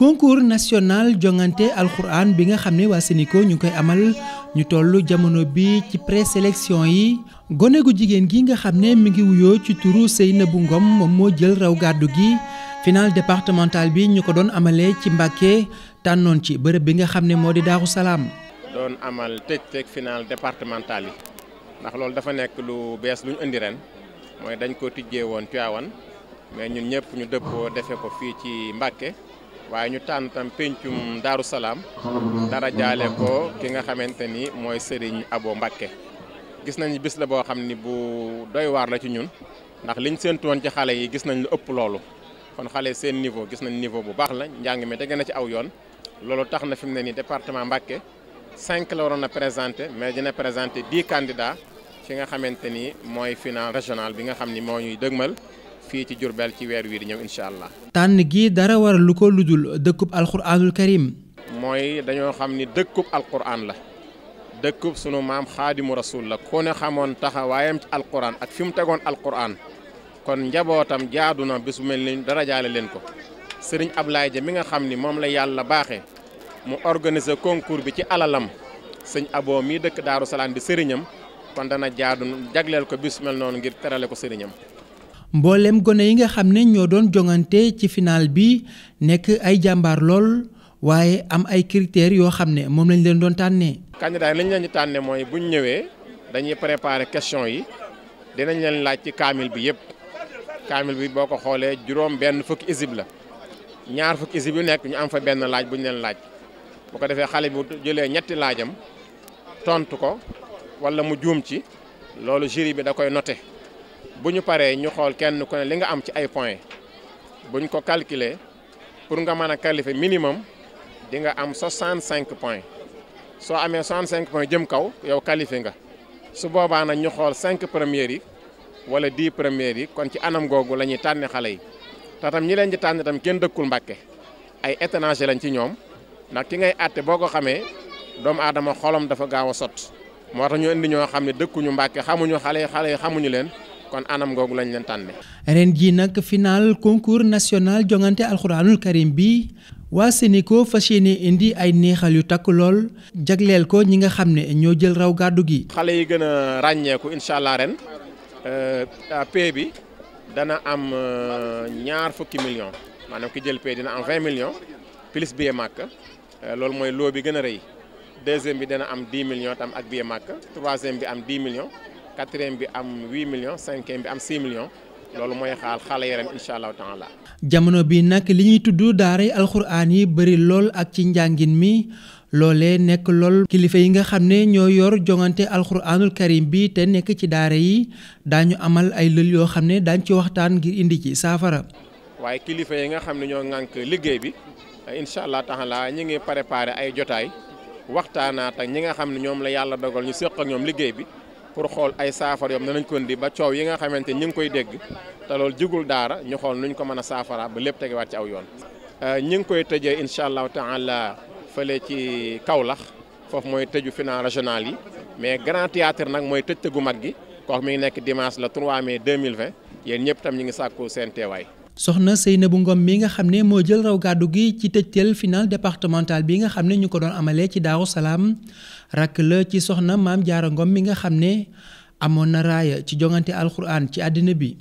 concours national jongante alxuraan bi nga xam ne waa Sénico ñu koy amal ñu tollu jamono bi ci présélection yi gone gu jigéen gi nga xam ne mi ngi wuyoo ci turu Seynabou Ngom moom moo jël raw gàddu gi final départemental bi ñu ko doon amalee ci Mbàkke tànnoon ci bërëb bi nga xam ne moo di daaxu Salaam doon amal tëj teg final départemental yi ndax loolu dafa nekk lu bees lu ñu indi ren mooy dañ ko tijjee woon Tiwaawan mais ñun ñëpp ñu dëppoo defee ko fii ci Mbàkke waaye ñu tànn tam pencum Daaru Salaam dara jaale ko ki nga xamante ni mooy Serigne aboo Mbakke gis nañu bis la boo xam ni bu doy waar la ci ñun ndax liñ séentu woon ci xale yi gis nañ lu ëpp loolu kon xale seen niveau gis nañ niveau bu baax la njàng mi tege na ci aw yoon loolu tax na fi mu ne nii département Mbakke cinq la waroon na présenté mais dina présenté dix candidats fi nga xamante ni mooy final régional bi nga xam ni moo ñuy dëgmal fii ci Diourbel ci weer wii di ñëw incha allah. tànn gi dara war lu ko ludul dëkkub alxuraanul karim. mooy dañoo xam ni dëkkub alxuraan la dëkkub sunu maam xaadimu rasul la ku ne xamoon taxawaayam ci alxuraan ak fi mu tegoon alxuraan kon njabootam jaadu na bés bu mel ni dara jaale leen ko sëriñ Ablaye Ja mi nga xam ni moom la yàlla baaxee mu organiser concours bi ci alalam sëñ aboo mii dëkk Daaru Salaam di sëriñam kon dana jaadu jagleel ko bis mel noonu ngir terale ko sëriñam. mbooleem gone yi nga xam ne ñoo doon jongante ci final bi nekk ay jàmbaar lool waaye am ay critères yoo xam ne moom lañ leen doon tànnee. candidat yi lañ leen di tànnee mooy bu ñu ñëwee dañuy préparer question yi dinañ leen laaj ci kaamil bi yëpp kaamil bi boo ko xoolee juróom benn fukki isib la ñaar fukki isib yu nekk ñu am fa benn laaj bu ñu leen laaj bu ko defee xale bi bu jëlee ñetti laajam tontu ko wala mu juum ci loolu jury bi da koy noté. bu ñu paree ñu xool kenn ku ne li nga am ci ay bu ñu ko calculer pour nga mën a qualifier minimum di nga am cinq points soo amee 65 points jëm kaw yow qualifié nga su boobaa nag ñu xool 5 premières yi wala 10 premières yi kon ci anam googu la ñuy tànn xale yi tatam tam ñi leen di tànn tam kenn dëkkul Mbàkke ay étranger lañ ci ñoom ndax ki ngay àtte boo ko xamee doomu aadama xolam dafa gaaw a sot moo tax ñu indi ñoo xam ne dëkkuñu Mbàkke xamuñu xale yi xale yi xamuñu leen. kon anam googu lañ leen tànne ren ji nag final concours national jongante alxuraanul karim bi waa Sénico fas yéene indi ay neexal yu takk lool jagleel ko ñi nga xam ne ñoo jël raw gàddu gi. xale yi gën a ràññeeku incha allah ren euh, P bi dana am euh, ñaar fukki millions maanaam ki jël P dina am 20 millions plus billet Makka euh, loolu mooy loo bi gën a rëy deuxième bi dana am 10 million tam ak billet Makka troisième bi am 10 million quatrième bi am 8 millions cinquième bi am 6 millions loolu mooy xaal xale yi ren incha allahu taala jamono bi nag li ñuy tudd daaray alxuraan yi bëri lool ak ci njàngin mi loolee nekk lool kilifa yi nga xam ne ñoo yor jongante alxuraanul karim bi te nekk ci daara yi daañu amal ay lël yoo xam ne daañ ci waxtaan ngir indi ci saafara waaye kilifa yi nga xam ne ñoo ŋànk liggéey bi incha allah taala ñu ngi préparé ay jotaay waxtaanaat ak ñi nga xam ne ñoom la yàlla dogal ñu séq ak ñoom liggéey bi pour xool ay saafara yom danañ ko indi ba coow yi nga xamante ñi ngi koy dégg te loolu jigul daara ñu xool nuñ ko mën a saafara ba lépp tegewaat ci aw yoon euh, ñi ngi koy tëjee incha allahu taala fële ci Kaolack foofu mooy tëju finale régional yi mais grand théâtre nag mooy tëj tëgu mag gi kooku mu ngi nekk dimanche le 3 mai 2020 yéen ñëpp tam ñu ngi sàkku seen teewaay soxna Seynabou ngoom mi nga xam ne moo jël raw gàddu gi ci tëjteel final départemental bi nga xam ne ñu ko doon amalee ci Daaru Salaam rakk la ci soxna Maam Jaara ngoom mi nga xam ne amoon na raaya ci jongante alxuraan ci àddina bi